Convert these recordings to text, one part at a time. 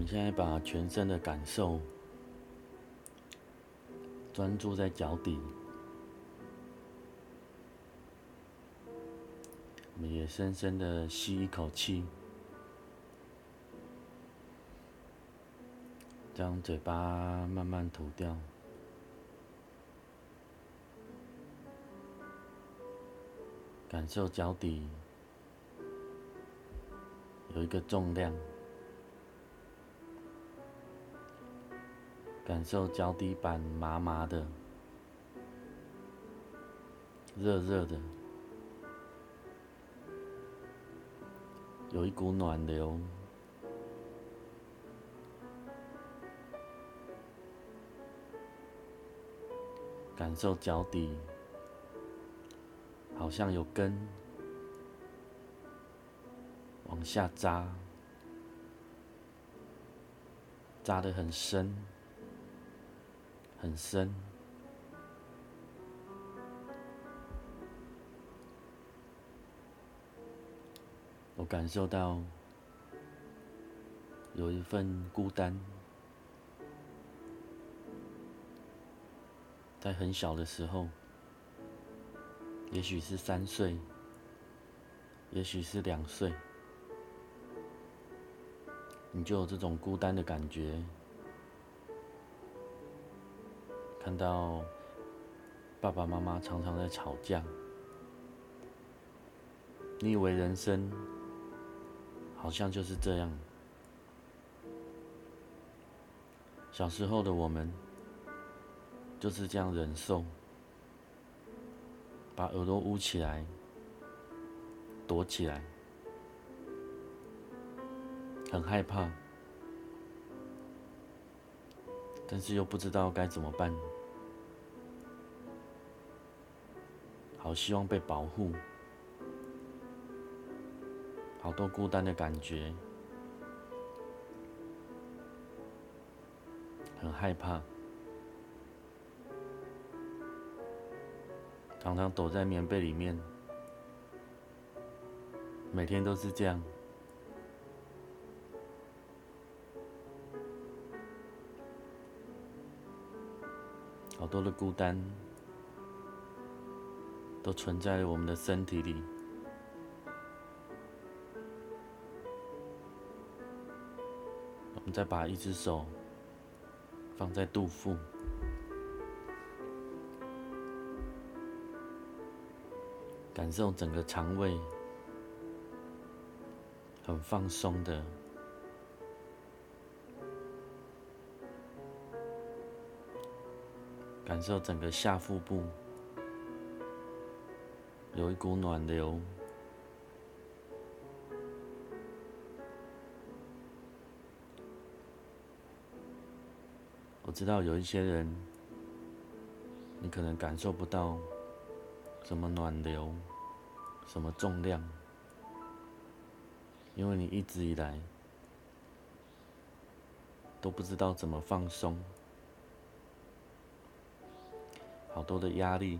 我們現在把全身的感受專注在腳底，我們也深深的吸一口氣，將嘴巴慢慢吐掉，感受腳底有一個重量。感受腳底板麻麻的，熱熱的，有一股暖流。感受腳底，好像有根往下扎，扎得很深。很深，我感受到有一份孤單。在很小的時候，也許是三歲，也許是兩歲，你就有這種孤單的感覺。看到爸爸媽媽常常在吵架，你以為人生好像就是這樣。小時候的我們就是這樣忍受，把耳朵捂起來，躲起來，很害怕，但是又不知道該怎麼辦。我希望被保護，好多孤單的感覺，很害怕，常常躲在棉被裡面，每天都是這樣，好多的孤單。都存在我們的身體裡。我們再把一隻手放在肚腹，感受整個腸胃很放鬆的，感受整個下腹部。有一股暖流。我知道有一些人，你可能感受不到什麼暖流，什麼重量，因為你一直以來都不知道怎麼放鬆，好多的壓力。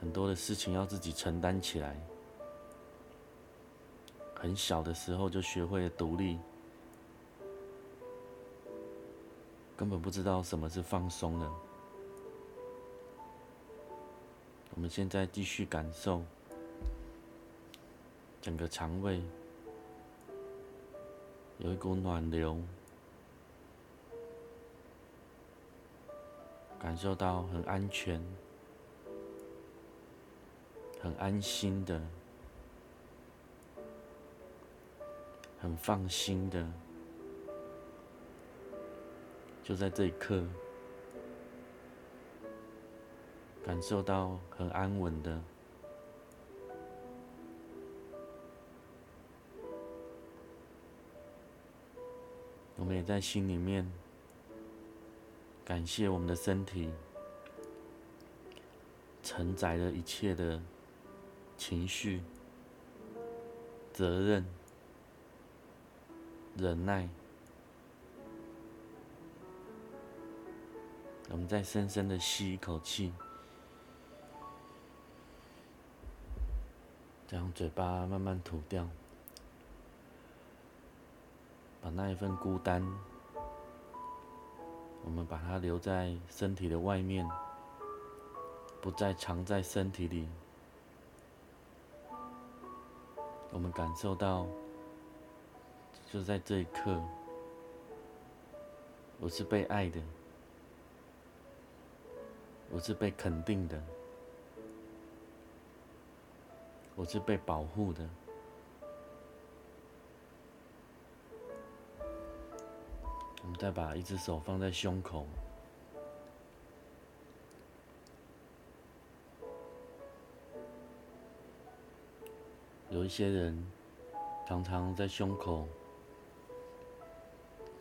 很多的事情要自己承擔起來。很小的時候就學會了獨立，根本不知道什麼是放鬆的。我們現在繼續感受整個腸胃，有一股暖流，感受到很安全。很安心的，很放心的，就在這一刻，感受到很安穩的。我們也在心裡面感謝我們的身體承載了一切的。情緒、責任、忍耐，我們再深深的吸一口氣，再用嘴巴慢慢吐掉，把那一份孤單，我們把它留在身體的外面，不再藏在身體裡。我們感受到，就在這一刻，我是被愛的，我是被肯定的，我是被保護的。我們再把一隻手放在胸口。有一些人常常在胸口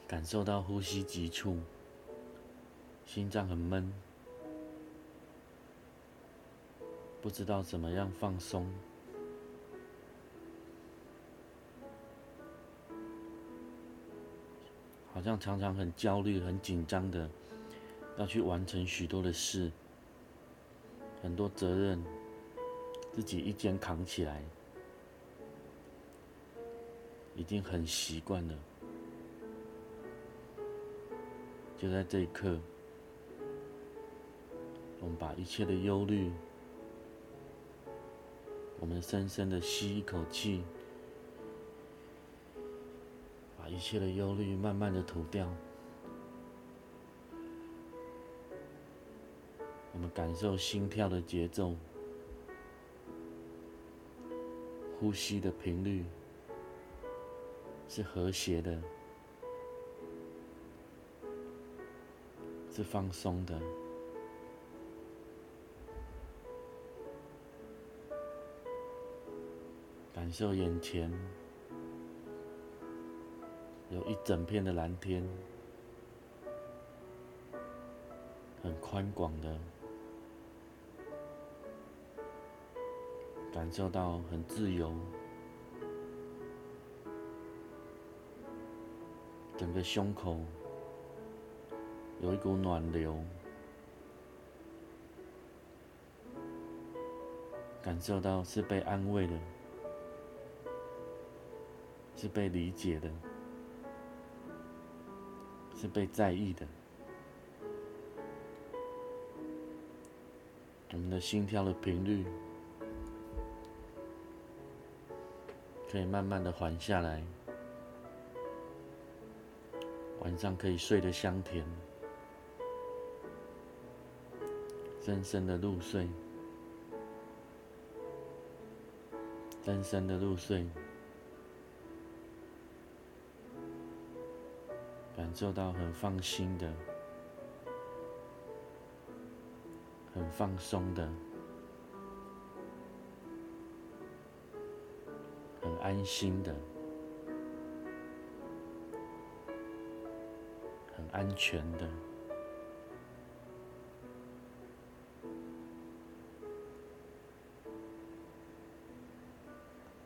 感受到呼吸急促，心臟很悶，不知道怎麼樣放鬆，好像常常很焦慮、很緊張的要去完成許多的事，很多責任自己一肩扛起來。已經很習慣了。就在這一刻，我們把一切的憂慮，我們深深的吸一口氣，把一切的憂慮慢慢的吐掉。我們感受心跳的節奏，呼吸的頻率。是和諧的，是放鬆的，感受眼前有一整片的藍天，很寬廣的，感受到很自由。你的胸口有一股暖流，感受到是被安慰的，是被理解的，是被在意的。我們的心跳的頻率可以慢慢的緩下來。晚上可以睡得香甜，深深的入睡，深深的入睡，感受到很放心的，很放鬆的，很安心的。安全的。